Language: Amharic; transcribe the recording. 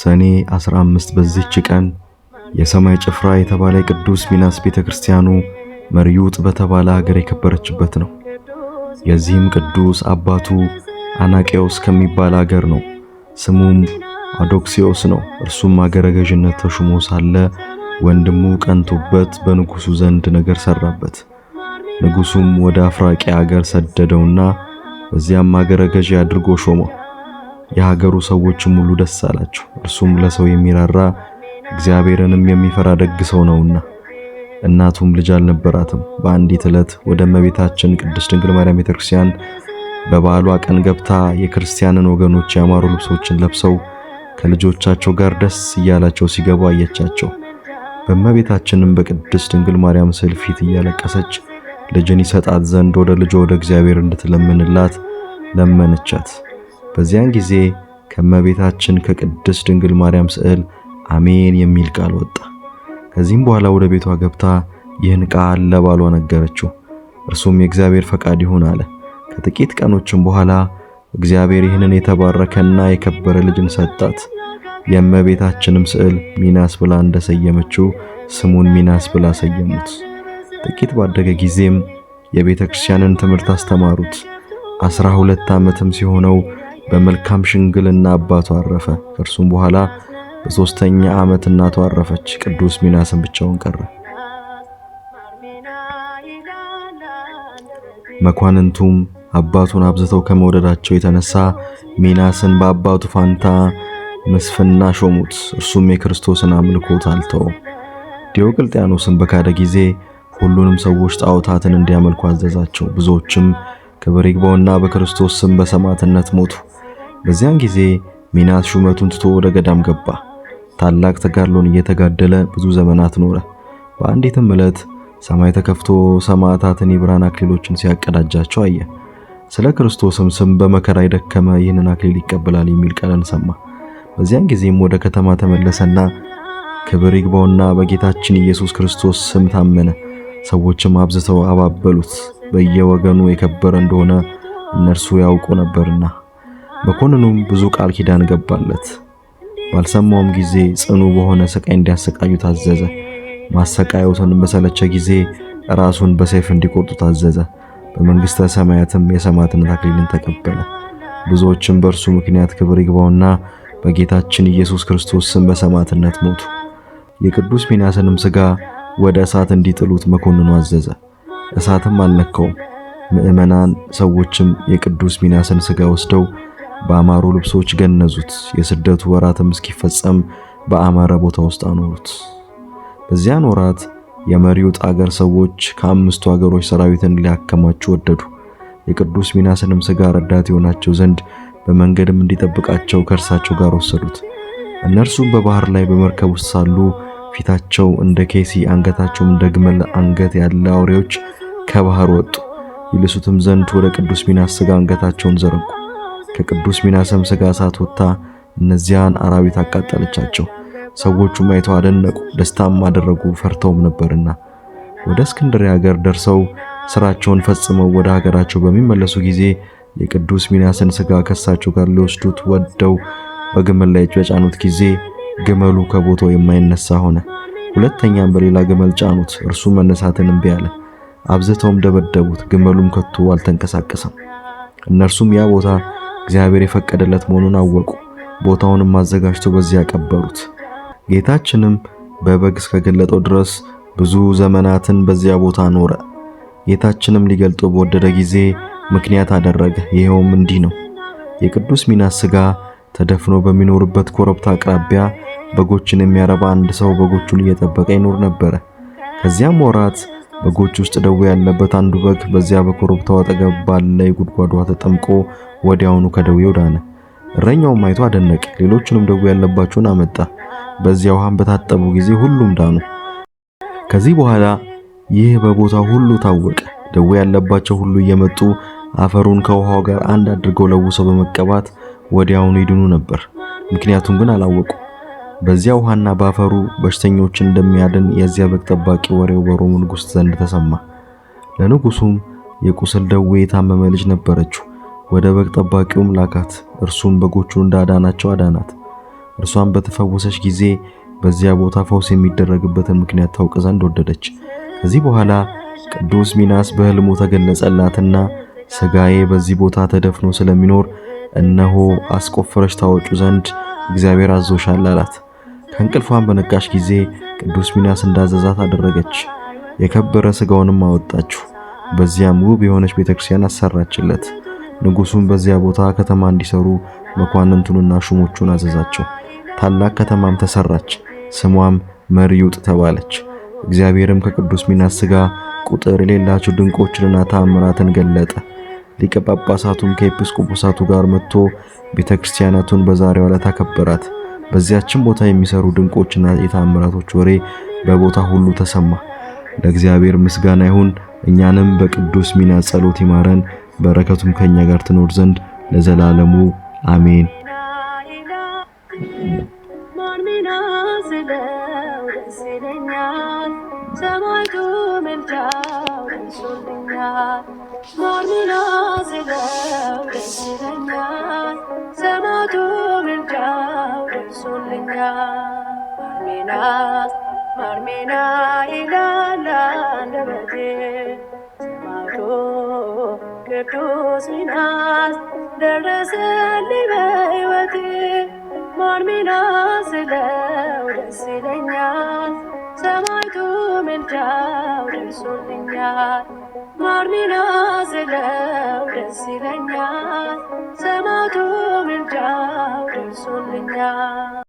ሰኔ 15 በዚህች ቀን የሰማይ ጭፍራ የተባለ ቅዱስ ሚናስ ቤተክርስቲያኑ መርዩጥ በተባለ ሀገር የከበረችበት ነው። የዚህም ቅዱስ አባቱ አናቄዎስ ከሚባል ሀገር ነው። ስሙም አዶክሲዮስ ነው። እርሱም አገረ ገዥነት ተሹሞ ሳለ ወንድሙ ቀንቶበት በንጉሱ ዘንድ ነገር ሰራበት። ንጉሱም ወደ አፍራቂ ሀገር ሰደደውና በዚያም አገረ ገዢ አድርጎ ሾመው። የሀገሩ ሰዎች ሙሉ ደስ አላቸው። እርሱም ለሰው የሚራራ እግዚአብሔርንም የሚፈራ ደግ ሰው ነውና። እናቱም ልጅ አልነበራትም። በአንዲት ዕለት ወደ እመቤታችን ቅድስት ድንግል ማርያም ቤተክርስቲያን በበዓሏ ቀን ገብታ የክርስቲያንን ወገኖች ያማሩ ልብሶችን ለብሰው ከልጆቻቸው ጋር ደስ እያላቸው ሲገቡ አየቻቸው። በእመቤታችንም በቅድስት ድንግል ማርያም ስዕል ፊት እያለቀሰች ልጅን ይሰጣት ዘንድ ወደ ልጇ ወደ እግዚአብሔር እንድትለምንላት ለመነቻት። በዚያን ጊዜ ከእመቤታችን ከቅድስት ድንግል ማርያም ስዕል አሜን የሚል ቃል ወጣ። ከዚህም በኋላ ወደ ቤቷ ገብታ ይህን ቃል ለባሏ ነገረችው። እርሱም የእግዚአብሔር ፈቃድ ይሁን አለ። ከጥቂት ቀኖችም በኋላ እግዚአብሔር ይህንን የተባረከና የከበረ ልጅን ሰጣት። የእመቤታችንም ስዕል ሚናስ ብላ እንደሰየመችው ስሙን ሚናስ ብላ ሰየሙት። ጥቂት ባደገ ጊዜም የቤተ ክርስቲያንን ትምህርት አስተማሩት። አስራ ሁለት ዓመትም ሲሆነው በመልካም ሽንግልና አባቱ አረፈ። ከእርሱም በኋላ በሦስተኛ ዓመት እናቱ አረፈች። ቅዱስ ሚናስም ብቻውን ቀረ። መኳንንቱም አባቱን አብዝተው ከመውደዳቸው የተነሳ ሚናስን በአባቱ ፋንታ ምስፍና ሾሙት። እርሱም የክርስቶስን አምልኮት አልተው። ዲዮቅልጥያኖስን በካደ ጊዜ ሁሉንም ሰዎች ጣዖታትን እንዲያመልኩ አዘዛቸው። ብዙዎችም ክብር ይግባውና በክርስቶስ ስም በሰማዕትነት ሞቱ። በዚያን ጊዜ ሚናስ ሹመቱን ትቶ ወደ ገዳም ገባ። ታላቅ ተጋድሎን እየተጋደለ ብዙ ዘመናት ኖረ። በአንዲትም ዕለት ሰማይ ተከፍቶ ሰማዕታትን የብርሃን አክሊሎችን ሲያቀዳጃቸው አየ። ስለ ክርስቶስም ስም በመከራ የደከመ ይህንን አክሊል ይቀበላል የሚል ቃልን ሰማ። በዚያን ጊዜም ወደ ከተማ ተመለሰና ክብር ይግባውና በጌታችን ኢየሱስ ክርስቶስ ስም ታመነ። ሰዎችም አብዝተው አባበሉት፣ በየወገኑ የከበረ እንደሆነ እነርሱ ያውቁ ነበርና። መኮንኑም ብዙ ቃል ኪዳን ገባለት። ባልሰማውም ጊዜ ጽኑ በሆነ ስቃይ እንዲያሰቃዩ ታዘዘ። ማሰቃየቱን በሰለቸ ጊዜ ራሱን በሰይፍ እንዲቆርጡ ታዘዘ። በመንግሥተ ሰማያትም የሰማዕትነት አክሊልን ተቀበለ። ብዙዎችም በእርሱ ምክንያት ክብር ይግባውና በጌታችን ኢየሱስ ክርስቶስ ስም በሰማዕትነት ሞቱ። የቅዱስ ሚናስንም ሥጋ ወደ እሳት እንዲጥሉት መኮንኑ አዘዘ። እሳትም አልነካውም። ምዕመናን ሰዎችም የቅዱስ ሚናስን ሥጋ ወስደው በአማሩ ልብሶች ገነዙት። የስደቱ ወራትም እስኪፈጸም በአማረ ቦታ ውስጥ አኖሩት። በዚያን ወራት የመሪውጥ አገር ሰዎች ከአምስቱ አገሮች ሰራዊትን ሊያከማቹ ወደዱ። የቅዱስ ሚናስንም ሥጋ ረዳት የሆናቸው ዘንድ በመንገድም እንዲጠብቃቸው ከእርሳቸው ጋር ወሰዱት። እነርሱም በባህር ላይ በመርከብ ውስጥ ሳሉ ፊታቸው እንደ ኬሲ አንገታቸውም እንደ ግመል አንገት ያለ አውሬዎች ከባህር ወጡ። ይልሱትም ዘንድ ወደ ቅዱስ ሚናስ ሥጋ አንገታቸውን ዘረጉ። ከቅዱስ ሚናሰም ሥጋ እሳት ወጥታ እነዚያን አራዊት አቃጠለቻቸው። ሰዎቹም አይተው አደነቁ፣ ደስታም አደረጉ፣ ፈርተውም ነበርና። ወደ እስክንድርያ ሀገር ደርሰው ስራቸውን ፈጽመው ወደ ሀገራቸው በሚመለሱ ጊዜ የቅዱስ ሚናስን ስጋ ከሳቸው ጋር ሊወስዱት ወደው በግመል ላይ በጫኑት ጊዜ ግመሉ ከቦታው የማይነሳ ሆነ። ሁለተኛም በሌላ ግመል ጫኑት፣ እርሱ መነሳትን እምቢ አለ። አብዝተውም ደበደቡት፣ ግመሉም ከቶ አልተንቀሳቀሰም። እነርሱም ያ ቦታ እግዚአብሔር የፈቀደለት መሆኑን አወቁ። ቦታውንም አዘጋጅተው በዚያ ቀበሩት። ጌታችንም በበግ እስከገለጠው ድረስ ብዙ ዘመናትን በዚያ ቦታ ኖረ። ጌታችንም ሊገልጠው በወደደ ጊዜ ምክንያት አደረገ። ይኸውም እንዲህ ነው። የቅዱስ ሚናስ ሥጋ ተደፍኖ በሚኖርበት ኮረብታ አቅራቢያ በጎችን የሚያረባ አንድ ሰው በጎቹን እየጠበቀ ይኖር ነበረ። ከዚያም ወራት በጎች ውስጥ ደዌ ያለበት አንዱ በግ በዚያ በኮረብታው አጠገብ ባለ የጉድጓዷ ተጠምቆ ወዲያውኑ ከደዌው ዳነ። እረኛውም አይቶ አደነቀ። ሌሎቹንም ደዌ ያለባቸውን አመጣ። በዚያ ውሃም በታጠቡ ጊዜ ሁሉም ዳኑ። ከዚህ በኋላ ይህ በቦታው ሁሉ ታወቀ። ደዌ ያለባቸው ሁሉ እየመጡ አፈሩን ከውሃው ጋር አንድ አድርገው ለውሰው በመቀባት ወዲያውኑ ይድኑ ነበር። ምክንያቱም ግን አላወቁ። በዚያ ውሃና ባፈሩ በሽተኞችን እንደሚያድን የዚያ በግ ጠባቂ ወሬው በሮሙ ንጉሥ ዘንድ ተሰማ። ለንጉሱም የቁስል ደዌ የታመመ ልጅ ነበረችው። ወደ በግ ጠባቂውም ላካት። እርሱም በጎቹ እንዳዳናቸው አዳናት። እርሷም በተፈወሰች ጊዜ በዚያ ቦታ ፈውስ የሚደረግበትን ምክንያት ታውቅ ዘንድ ወደደች። ከዚህ በኋላ ቅዱስ ሚናስ በሕልሙ ተገለጸላትና ሥጋዬ በዚህ ቦታ ተደፍኖ ስለሚኖር እነሆ አስቆፍረሽ ታወጩ ዘንድ እግዚአብሔር አዞሻል አላት። ከእንቅልፏን በነቃሽ ጊዜ ቅዱስ ሚናስ እንዳዘዛት አደረገች። የከበረ ሥጋውንም አወጣችሁ። በዚያም ውብ የሆነች ቤተክርስቲያን አሰራችለት። ንጉሱን በዚያ ቦታ ከተማ እንዲሰሩ መኳንንቱንና ሹሞቹን አዘዛቸው። ታላቅ ከተማም ተሰራች፣ ስሟም መርዩጥ ተባለች። እግዚአብሔርም ከቅዱስ ሚናስ ሥጋ ቁጥር የሌላቸው ድንቆችንና ተአምራትን ገለጠ። ሊቀ ጳጳሳቱም ከኤጲስቆጶሳቱ ጋር መጥቶ ቤተ ክርስቲያናቱን በዛሬው ዕለት አከበራት። በዚያችን ቦታ የሚሰሩ ድንቆችና የተአምራቶች ወሬ በቦታ ሁሉ ተሰማ። ለእግዚአብሔር ምስጋና ይሁን። እኛንም በቅዱስ ሚናስ ጸሎት ይማረን። በረከቱም ከኛ ጋር ትኖር ዘንድ ለዘላለሙ አሜን። ማርሜና ማርሜና ይላል ቅዱስ ሚናስ ደረሰልኝ በሕይወቴ ማን ሚናስ ስለው ደስ ይለኛል ሰማዕቱ ምልጃው ደርሶልኛል ማር ሚናስ ስለው ደስ ይለኛል ሰማዕቱ ምልጃው ደርሶልኛል